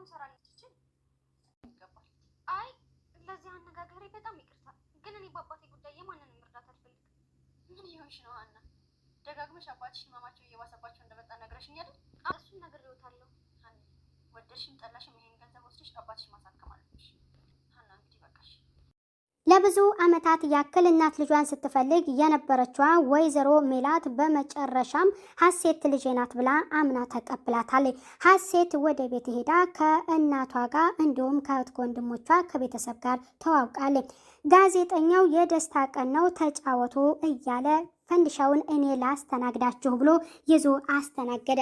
ስራውን ሰራለች ይችል ይገባል። አይ ለዚህ አነጋገሬ በጣም ይቅርታ፣ ግን እኔ በአባቴ ጉዳይ የማንንም እርዳታ አልፈልግም። ምን ሊሆንሽ ነው አና? ደጋግመሽ አባትሽ ህመማቸው እየባሰባቸው እንደመጣ ነግረሽኝ አይደል? እሱን ነግሬዎታለሁ። ወደድሽም ጠላሽም ይሄን ገንዘብ ወስደሽ አባትሽ ማሳከም አለብሽ። ለብዙ ዓመታት ያክል እናት ልጇን ስትፈልግ የነበረችዋ ወይዘሮ ሜላት በመጨረሻም ሀሴት ልጄ ናት ብላ አምና ተቀብላታለች። ሀሴት ወደ ቤት ሄዳ ከእናቷ ጋር እንዲሁም ከእህት ወንድሞቿ ከቤተሰብ ጋር ተዋውቃለች። ጋዜጠኛው የደስታ ቀን ነው ተጫወቶ እያለ ፈንድሻውን እኔ ላስተናግዳችሁ ብሎ ይዞ አስተናገደ።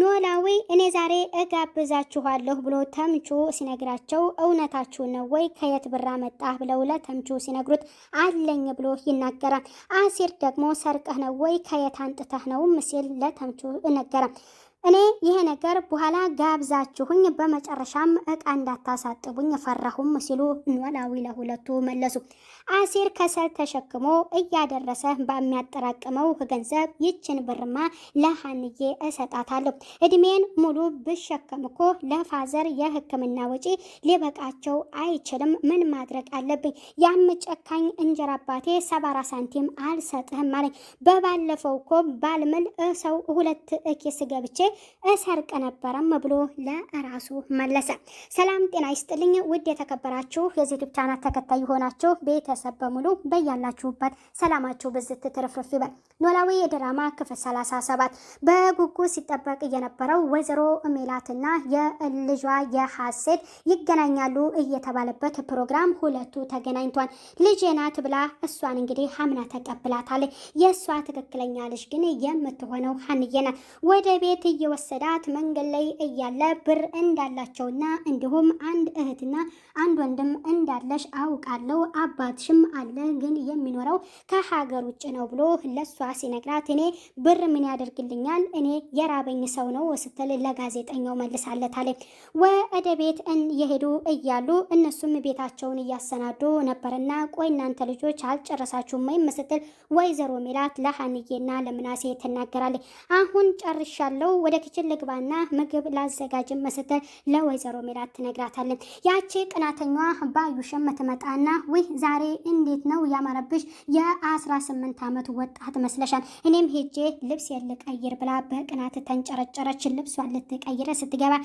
ኖላዊ እኔ ዛሬ እጋብዛችኋለሁ ብሎ ተምቹ ሲነግራቸው እውነታችሁ ነው ወይ ከየት ብራ መጣ ብለው ለተምቹ ሲነግሩት አለኝ ብሎ ይናገራል። አሲር ደግሞ ሰርቀህ ነው ወይ ከየት አንጥተህ ነውም ሲል ለተምቹ ይነገራል። እኔ ይሄ ነገር በኋላ ጋብዛችሁኝ በመጨረሻም እቃ እንዳታሳጥቡኝ ፈራሁም ሲሉ ኖላዊ ለሁለቱ መለሱ። አሲር ከሰል ተሸክሞ እያደረሰ በሚያጠራቅመው ገንዘብ ይችን ብርማ ለሀንዬ እሰጣታለሁ። እድሜን ሙሉ ብሸከም እኮ ለፋዘር የሕክምና ወጪ ሊበቃቸው አይችልም። ምን ማድረግ አለብኝ? ያም ጨካኝ እንጀራ አባቴ ሰባ ሳንቲም አልሰጥህም አለኝ። በባለፈው እኮ ባልምል ሰው ሁለት እኪስ ገብቼ እሰርቅ ነበረም ብሎ ለራሱ መለሰ። ሰላም ጤና ይስጥልኝ ውድ የተከበራችሁ የዩቲዩብ ቻናል ተከታይ የሆናችሁ ቤተሰብ በሙሉ በያላችሁበት ሰላማችሁ ብዝት ትርፍርፍ ይበል። ኖላዊ ድራማ ክፍል 37 በጉጉ ሲጠበቅ የነበረው ወይዘሮ ሜላትና የልጇ የሐሴት ይገናኛሉ እየተባለበት ፕሮግራም ሁለቱ ተገናኝቷል። ልጄ ናት ብላ እሷን እንግዲህ ሀምና ተቀብላታለች። የእሷ ትክክለኛ ልጅ ግን የምትሆነው ሀንዬ ናት። ወደ ቤት እየወሰዳት መንገድ ላይ እያለ ብር እንዳላቸውና እንዲሁም አንድ እህትና አንድ ወንድም እንዳለሽ አውቃለሁ፣ አባትሽም አለ፣ ግን የሚኖረው ከሀገር ውጭ ነው ብሎ ለሷ ሲነግራት እኔ ብር ምን ያደርግልኛል እኔ የራበኝ ሰው ነው ስትል ለጋዜጠኛው መልሳለታለች። ወደ ቤት እየሄዱ እያሉ እነሱም ቤታቸውን እያሰናዱ ነበርና ቆይ እናንተ ልጆች አልጨረሳችሁም ወይም ስትል ወይዘሮ ሜላት ለሀንዬና ለምናሴ ትናገራለች። አሁን ጨርሻለሁ ወደ ኪችን ልግባና ምግብ ላዘጋጅም መስተል ለወይዘሮ ሜላት ትነግራታለን። ያቺ ቅናተኛዋ ባዩሽም ትመጣና ውህ ዛሬ እንዴት ነው ያማረብሽ የአስራ ስምንት ዓመት ወጣት መስለሻል። እኔም ሄጄ ልብስ የልቀይር ብላ በቅናት ተንጨረጨረች። ልብሷን ልትቀይረ ስትገባ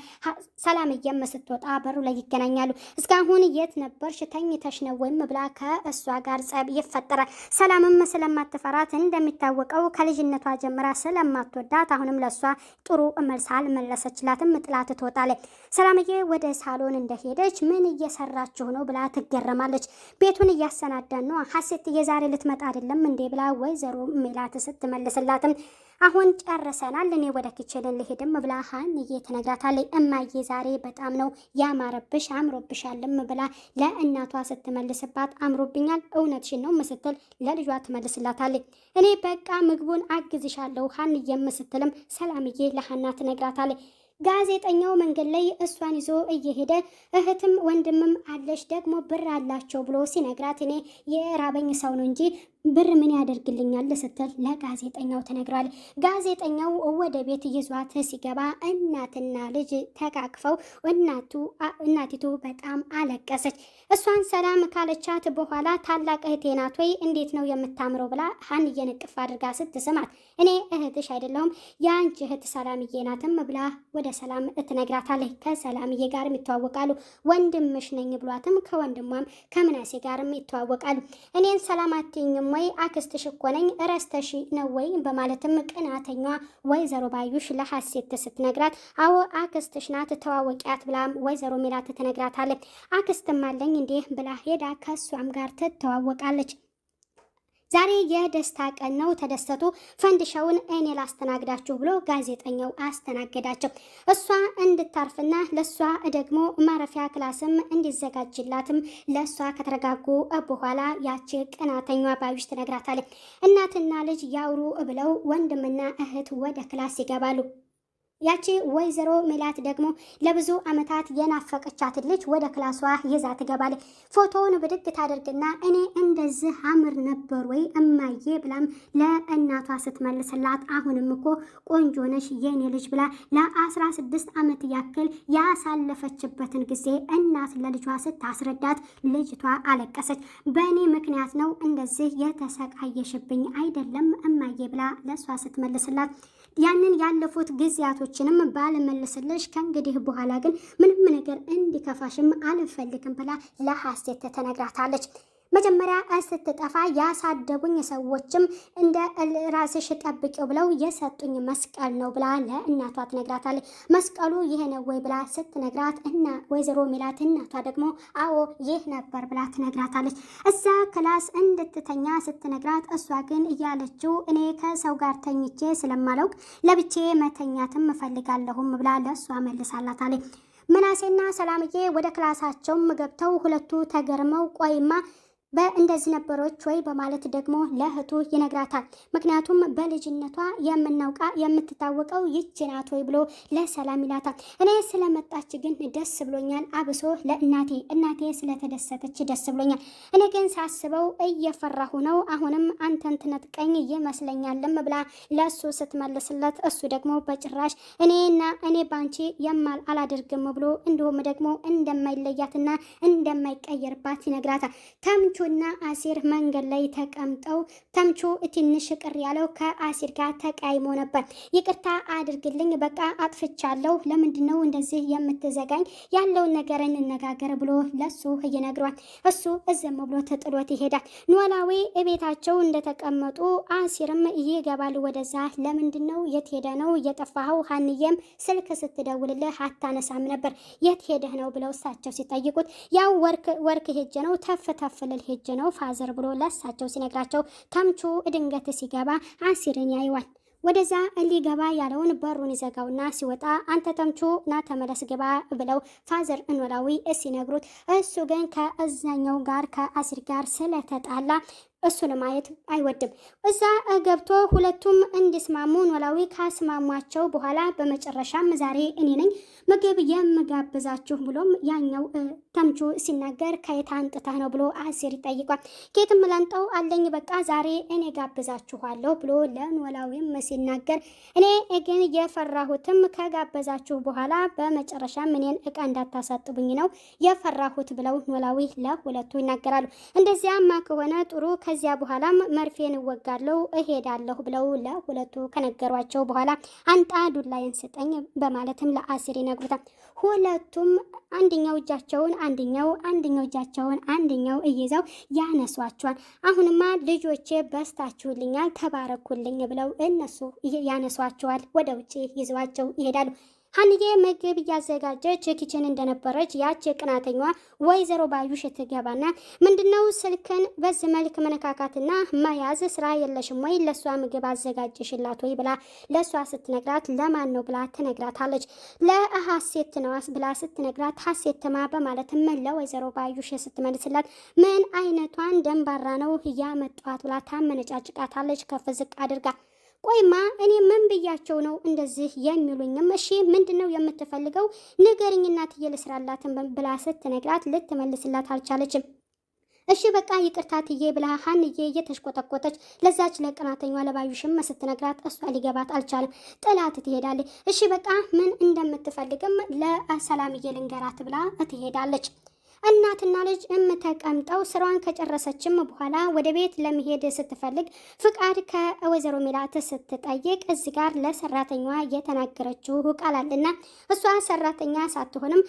ሰላምዬም ስትወጣ በሩ ላይ ይገናኛሉ። እስካሁን የት ነበርሽ? ተኝተሽ ነው ወይም ብላ ከእሷ ጋር ጸብ ይፈጠራል። ሰላምም ስለማትፈራት እንደሚታወቀው ከልጅነቷ ጀምራ ስለማትወዳት አሁንም ለእሷ ጡ ጥሩ መልስ አልመለሰችላትም። ጥላት ትወጣለች። ሰላምዬ ወደ ሳሎን እንደሄደች ምን እየሰራችሁ ነው ብላ ትገረማለች። ቤቱን እያሰናዳን ነው ሀሴት የዛሬ ልትመጣ አይደለም እንዴ ብላ ወይዘሮ ሜላት ስትመልስላትም አሁን ጨርሰናል፣ እኔ ወደ ኪችንን ልሄድም ብላ ሀንዬ ትነግራታለች። እማዬ ዛሬ በጣም ነው ያማረብሽ አምሮብሻልም ብላ ለእናቷ ስትመልስባት አምሮብኛል፣ እውነትሽን ነው ምስትል ለልጇ ትመልስላታለች። እኔ በቃ ምግቡን አግዝሻለሁ ሀንዬም ምስትልም ሰላምዬ ለሀና ትነግራታለች። ጋዜጠኛው መንገድ ላይ እሷን ይዞ እየሄደ እህትም ወንድምም አለሽ ደግሞ ብር አላቸው ብሎ ሲነግራት እኔ የራበኝ ሰው ነው እንጂ ብር ምን ያደርግልኛል ስትል ለጋዜጠኛው ትነግሯል። ጋዜጠኛው ወደ ቤት ይዟት ሲገባ እናትና ልጅ ተቃቅፈው እናቱ እናቲቱ በጣም አለቀሰች። እሷን ሰላም ካለቻት በኋላ ታላቅ እህቴ ናት ወይ እንዴት ነው የምታምረው ብላ ሀንዬን እቅፍ አድርጋ ስትስማት እኔ እህትሽ አይደለሁም የአንቺ እህት ሰላምዬ ናትም ብላ ወደ ሰላም ትነግራታለች። ከሰላምዬ ጋር ይተዋወቃሉ። ወንድምሽ ነኝ ብሏትም ከወንድሟም ከምናሴ ጋርም ይተዋወቃሉ። እኔን ሰላም አትይኝም ወይ አክስትሽ እኮ ነኝ ረስተሽ ነው ወይ በማለትም ቅናተኛ ወይዘሮ ባዩሽ ለሐሴት ስትነግራት አዎ አክስትሽ ናት ተዋወቂያት ብላም ወይዘሮ ሜላት ትነግራታለች። አክስትም አለኝ እንዴ ብላ ሄዳ ከእሷም ጋር ትተዋወቃለች። ዛሬ የደስታ ቀን ነው፣ ተደሰቱ፣ ፈንድሻውን እኔ ላስተናግዳችሁ ብሎ ጋዜጠኛው አስተናገዳቸው። እሷ እንድታርፍና ለእሷ ደግሞ ማረፊያ ክላስም እንዲዘጋጅላትም ለእሷ ከተረጋጉ በኋላ ያቺ ቅናተኛ ባዩሽ ትነግራታለች። እናትና ልጅ ያውሩ ብለው ወንድምና እህት ወደ ክላስ ይገባሉ። ያቺ ወይዘሮ ሜላት ደግሞ ለብዙ ዓመታት የናፈቀቻት ልጅ ወደ ክላሷ ይዛ ትገባለች። ፎቶውን ብድግ ታደርግና እኔ እንደዚህ አምር ነበር ወይ እማዬ ብላም ለእናቷ ስትመልስላት አሁንም እኮ ቆንጆ ነሽ የኔ ልጅ ብላ ለ16 ዓመት ያክል ያሳለፈችበትን ጊዜ እናት ለልጇ ስታስረዳት ልጅቷ አለቀሰች። በእኔ ምክንያት ነው እንደዚህ የተሰቃየሽብኝ አይደለም እማዬ ብላ ለእሷ ስትመልስላት ያንን ያለፉት ጊዜያቶች አስተያየቶችንም ባልመልስልሽ ከእንግዲህ በኋላ ግን ምንም ነገር እንዲከፋሽም አልፈልግም ብላ ለሀሴት ተነግራታለች። መጀመሪያ ስትጠፋ ያሳደጉኝ ሰዎችም እንደ ራስሽ ጠብቂው ብለው የሰጡኝ መስቀል ነው ብላ ለእናቷ ትነግራታለች። መስቀሉ ይሄ ነው ወይ ብላ ስትነግራት እና ወይዘሮ ሚላት እናቷ ደግሞ አዎ ይህ ነበር ብላ ትነግራታለች። እዛ ክላስ እንድትተኛ ስትነግራት እሷ ግን እያለችው እኔ ከሰው ጋር ተኝቼ ስለማላውቅ ለብቼ መተኛትም እፈልጋለሁም ብላ ለእሷ መልሳላታለች። ምናሴና ሰላምዬ ወደ ክላሳቸውም ገብተው ሁለቱ ተገርመው ቆይማ በእንደዚህ ነበሮች ወይ በማለት ደግሞ ለእህቱ ይነግራታል። ምክንያቱም በልጅነቷ የምናውቃ የምትታወቀው ይች ናት ወይ ብሎ ለሰላም ይላታል። እኔ ስለመጣች ግን ደስ ብሎኛል፣ አብሶ ለእናቴ እናቴ ስለተደሰተች ደስ ብሎኛል። እኔ ግን ሳስበው እየፈራሁ ነው። አሁንም አንተን ትነጥቀኝ ይመስለኛልም ብላ ለእሱ ስትመልስለት እሱ ደግሞ በጭራሽ እኔና እኔ ባንቺ የማል አላደርግም ብሎ እንዲሁም ደግሞ እንደማይለያትና እንደማይቀየርባት ይነግራታል። ተምቹ ተምቹና አሲር መንገድ ላይ ተቀምጠው ተምቹ ትንሽ ቅር ያለው ከአሲር ጋር ተቀያይሞ ነበር። ይቅርታ አድርግልኝ፣ በቃ አጥፍቻለሁ። ለምንድን ነው እንደዚህ የምትዘጋኝ? ያለውን ነገር እንነጋገር ብሎ ለሱ ይነግሯል። እሱ እዘም ብሎ ተጥሎት ይሄዳል። ኖላዊ ቤታቸው እንደተቀመጡ አሲርም ይገባል ወደዛ። ለምንድን ነው የት ሄደ ነው የጠፋኸው? ሀንዬም ስልክ ስትደውልልህ አታነሳም ነበር። የት ሄደህ ነው ብለው እሳቸው ሲጠይቁት ያው ወርክ ሄጀ ነው ተፍ ተፍ ልል ሄጄ ነው ፋዘር ብሎ ለሳቸው ሲነግራቸው ተምቹ ድንገት ሲገባ አሲርን ያይዋል። ወደዛ ሊገባ ያለውን በሩን ይዘጋውና ሲወጣ አንተ ተምቹ ና ተመለስ ግባ ብለው ፋዘር ኖላዊ ሲነግሩት እሱ ግን ከእዛኛው ጋር ከአሲር ጋር ስለተጣላ እሱ ማየት አይወድም። እዛ ገብቶ ሁለቱም እንዲስማሙ ኖላዊ ካስማሟቸው በኋላ በመጨረሻም ዛሬ እኔ ነኝ ምግብ የምጋብዛችሁ ብሎም ያኛው ተምቹ ሲናገር ከየት አንጥተህ ነው ብሎ አሴር ይጠይቋል። ኬትም ለንጠው አለኝ በቃ ዛሬ እኔ ጋብዛችኋለሁ ብሎ ለኖላዊም ሲናገር እኔ ግን የፈራሁትም ከጋበዛችሁ በኋላ በመጨረሻም እኔን እቃ እንዳታሳጥቡኝ ነው የፈራሁት ብለው ኖላዊ ለሁለቱ ይናገራሉ። እንደዚያማ ከሆነ ጥሩ ከ ከዚያ በኋላም መርፌን እወጋለሁ እሄዳለሁ ብለው ለሁለቱ ከነገሯቸው በኋላ አንጣ ዱላዬን ስጠኝ በማለትም ለአሲር ይነግሩታል። ሁለቱም አንደኛው እጃቸውን አንደኛው አንደኛው እጃቸውን አንደኛው እይዘው ያነሷቸዋል። አሁንማ ልጆቼ በስታችሁልኛል፣ ተባረኩልኝ ብለው እነሱ ያነሷቸዋል። ወደ ውጭ ይዘዋቸው ይሄዳሉ። ሀንዬ ምግብ እያዘጋጀች ኪችን እንደነበረች ያች ቅናተኛ ወይዘሮ ባዩሽ ትገባና ምንድነው ስልክን በዚህ መልክ መነካካትና መያዝ ስራ የለሽም ወይ ለእሷ ምግብ አዘጋጀሽላት ወይ ብላ ለእሷ ስትነግራት ለማን ነው ብላ ትነግራታለች። ለሀሴት ነዋስ ብላ ስትነግራት ሀሴት ሀሴትማ በማለት መለ ወይዘሮ ባዩሽ ስትመልስላት ምን አይነቷን ደንባራ ነው እያመጧት ብላ ታመነጫጭቃታለች ከፍ ዝቅ አድርጋ ቆይማ እኔ ምን ብያቸው ነው እንደዚህ የሚሉኝም? እሺ ምንድን ነው የምትፈልገው ንገርኝ፣ እናትዬ ልስራላትን ብላ ስትነግራት ልትመልስላት አልቻለችም። እሺ በቃ ይቅርታ ትዬ ብላ ሀንዬ እየተሽቆጠቆጠች ለዛች ለቅናተኛዋ ለባዩሽም ስትነግራት እሷ ሊገባት አልቻለም። ጥላት ትሄዳለች። እሺ በቃ ምን እንደምትፈልግም ለሰላምዬ ልንገራት ብላ ትሄዳለች። እናትና ልጅ እምተቀምጠው ስራዋን ከጨረሰችም በኋላ ወደ ቤት ለመሄድ ስትፈልግ ፍቃድ ከወይዘሮ ሜላት ስትጠይቅ እዚህ ጋር ለሰራተኛዋ የተናገረችው ቃል አለና እሷ ሰራተኛ ሳትሆንም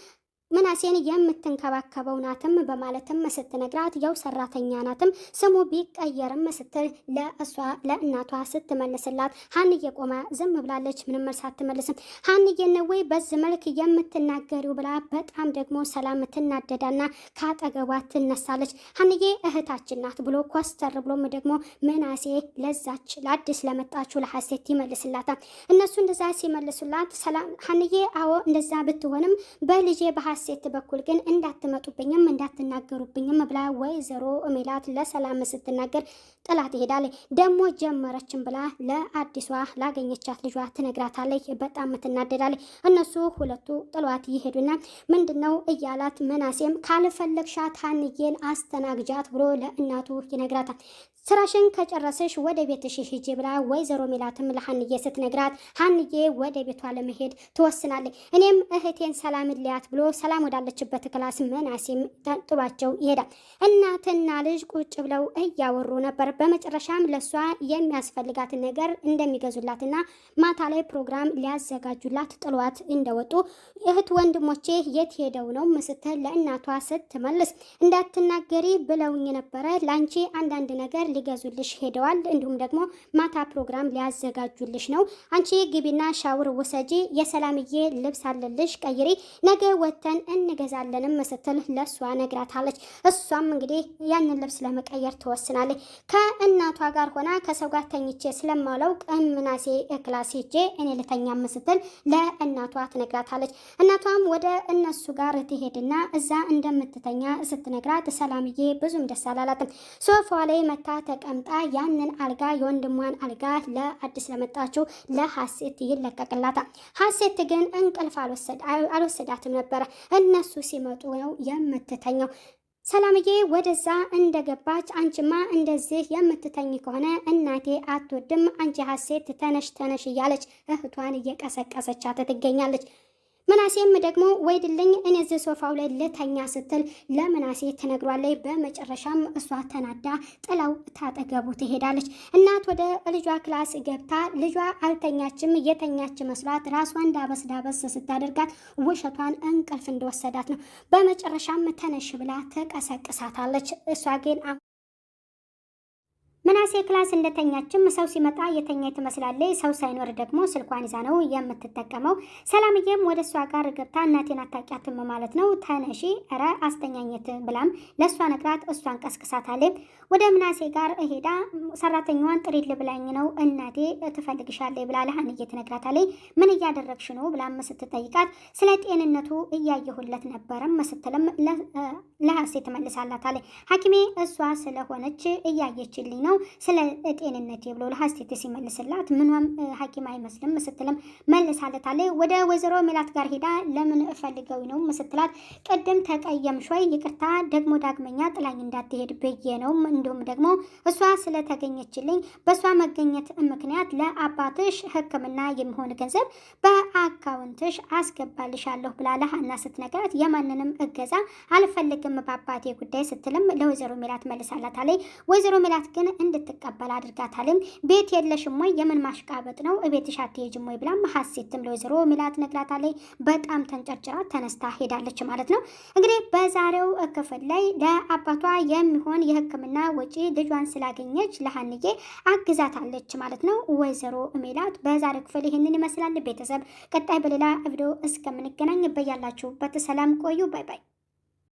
ምናሴን የምትንከባከበው ናትም በማለትም ስትነግራት ያው ሰራተኛ ናትም ስሙ ቢቀየርም ስትል ለእሷ ለእናቷ ስትመልስላት ሀንዬ ቆማ ዝም ብላለች። ምንም መልስ አትመልስም። ሀንዬን ወይ በዚህ መልክ የምትናገሪው ብላ በጣም ደግሞ ሰላም ትናደዳና ከአጠገቧ ትነሳለች። ሀንዬ እህታችን ናት ብሎ ኮስተር ብሎም ደግሞ ምናሴ ለዛች ለአዲስ ለመጣችሁ ለሀሴት ይመልስላታል። እነሱ እንደዛ ሲመልሱላት ሀንዬ አዎ እንደዛ ብትሆንም በልጄ ሀሴት በኩል ግን እንዳትመጡብኝም እንዳትናገሩብኝም ብላ ወይዘሮ ሜላት ለሰላም ስትናገር ጥላት ይሄዳለች። ደግሞ ጀመረችን ብላ ለአዲሷ ላገኘቻት ልጇ ትነግራታለች። በጣም ትናደዳለች። እነሱ ሁለቱ ጥሏት ይሄዱና ምንድን ነው እያላት መናሴም ካልፈለግሻት ሀንዬን አስተናግጃት ብሎ ለእናቱ ይነግራታል። ስራሽን ከጨረሰሽ ወደ ቤትሽ ሂጂ ብላ ወይዘሮ ሚላትም ለሀንዬ ስትነግራት ሀንዬ ወደ ቤቷ ለመሄድ ትወስናለች። እኔም እህቴን ሰላም ልያት ብሎ ሰላም ወዳለችበት ክላስ መናሴም ጥሏቸው ይሄዳል። እናትና ልጅ ቁጭ ብለው እያወሩ ነበር። በመጨረሻም ለእሷ የሚያስፈልጋትን ነገር እንደሚገዙላትና ማታ ላይ ፕሮግራም ሊያዘጋጁላት ጥሏት እንደወጡ እህት ወንድሞቼ የት ሄደው ነው ምስትል ለእናቷ ስትመልስ እንዳትናገሪ ብለውኝ ነበረ ለአንቺ አንዳንድ ነገር ሊገዙልሽ ሄደዋል። እንዲሁም ደግሞ ማታ ፕሮግራም ሊያዘጋጁልሽ ነው። አንቺ ግቢና ሻውር ውሰጂ፣ የሰላምዬ ልብስ አለልሽ ቀይሪ፣ ነገ ወተን እንገዛለንም ስትል ለእሷ ነግራታለች። እሷም እንግዲህ ያንን ልብስ ለመቀየር ትወስናለች። ከእናቷ ጋር ሆና ከሰው ጋር ተኝቼ ስለማውለው ቅምናሴ ክላስ ሄጄ እኔ ልተኛ ስትል ለእናቷ ትነግራታለች። እናቷም ወደ እነሱ ጋር ትሄድና እዛ እንደምትተኛ ስትነግራት ሰላምዬ ብዙም ደስ አላላትም። ሶፋ ላይ መታ ተቀምጣ ያንን አልጋ የወንድሟን አልጋ ለአዲስ ለመጣችው ለሀሴት ይለቀቅላታል። ሀሴት ግን እንቅልፍ አልወሰዳትም ነበረ። እነሱ ሲመጡ ነው የምትተኘው። ሰላምዬ ወደዛ እንደገባች አንቺማ እንደዚህ የምትተኝ ከሆነ እናቴ አትወድም አንቺ ሀሴት ተነሽ ተነሽ እያለች እህቷን እየቀሰቀሰቻት ትገኛለች። ምናሴም ደግሞ ወይድልኝ እኔ እዚህ ሶፋው ላይ ልተኛ ስትል ለምናሴ ትነግሯለች። በመጨረሻም እሷ ተናዳ ጥላው ታጠገቡ ትሄዳለች። እናት ወደ ልጇ ክላስ ገብታ ልጇ አልተኛችም የተኛች መስሏት ራሷን ዳበስ ዳበስ ስታደርጋት ውሸቷን እንቅልፍ እንደወሰዳት ነው። በመጨረሻም ተነሽ ብላ ትቀሰቅሳታለች። እሷ ግን ምናሴ ክላስ እንደተኛችም ሰው ሲመጣ የተኛ ትመስላለች። ሰው ሳይኖር ደግሞ ስልኳን ይዛ ነው የምትጠቀመው። ሰላምዬም ወደ እሷ ጋር ገብታ እናቴን አታውቂያትም ማለት ነው ተነሺ፣ ኧረ አስተኛኘት ብላም ለእሷ ነግራት እሷን ቀስቅሳታለች። ወደ ምናሴ ጋር ሄዳ ሰራተኛዋን ጥሪል ብላኝ ነው እናቴ ትፈልግሻለች ብላ ለሀንዬ ትነግራታለች። ምን እያደረግሽ ነው ብላም ስትጠይቃት ስለ ጤንነቱ እያየሁለት ነበረም ስትልም ለሀሴ ትመልሳላታለች። ሐኪሜ እሷ ስለሆነች እያየችልኝ ነው ነው ስለ ጤንነት ብሎ ለሀስቴት ሲመልስላት ምንም ሐኪም አይመስልም ስትልም መልሳለታለች። ወደ ወይዘሮ ሜላት ጋር ሄዳ ለምን እፈልገው ነው ስትላት ቅድም ተቀየምሽ ወይ ይቅርታ፣ ደግሞ ዳግመኛ ጥላኝ እንዳትሄድ ብዬ ነው። እንዲሁም ደግሞ እሷ ስለተገኘችልኝ በእሷ መገኘት ምክንያት ለአባትሽ ሕክምና የሚሆን ገንዘብ በአካውንትሽ አስገባልሻለሁ ብላ ለሀና ስትነግራት የማንንም እገዛ አልፈልግም በአባቴ ጉዳይ ስትልም ለወይዘሮ ሜላት መልሳላታለች። ወይዘሮ ሜላት ግን እንድትቀበል አድርጋታልም። ቤት የለሽም ወይ? የምን ማሽቃበጥ ነው? እቤትሽ አትሄጂም ወይ? ብላም ሀሴትም ለወይዘሮ ሚላት ነግራታለች። በጣም ተንጨርጭራ ተነስታ ሄዳለች ማለት ነው። እንግዲህ በዛሬው ክፍል ላይ ለአባቷ የሚሆን የሕክምና ወጪ ልጇን ስላገኘች ለሀንዬ አግዛታለች ማለት ነው። ወይዘሮ ሚላት በዛሬው ክፍል ይህንን ይመስላል። ቤተሰብ ቀጣይ በሌላ ቪዲዮ እስከምንገናኝ በያላችሁበት ሰላም ቆዩ። ባይ ባይ።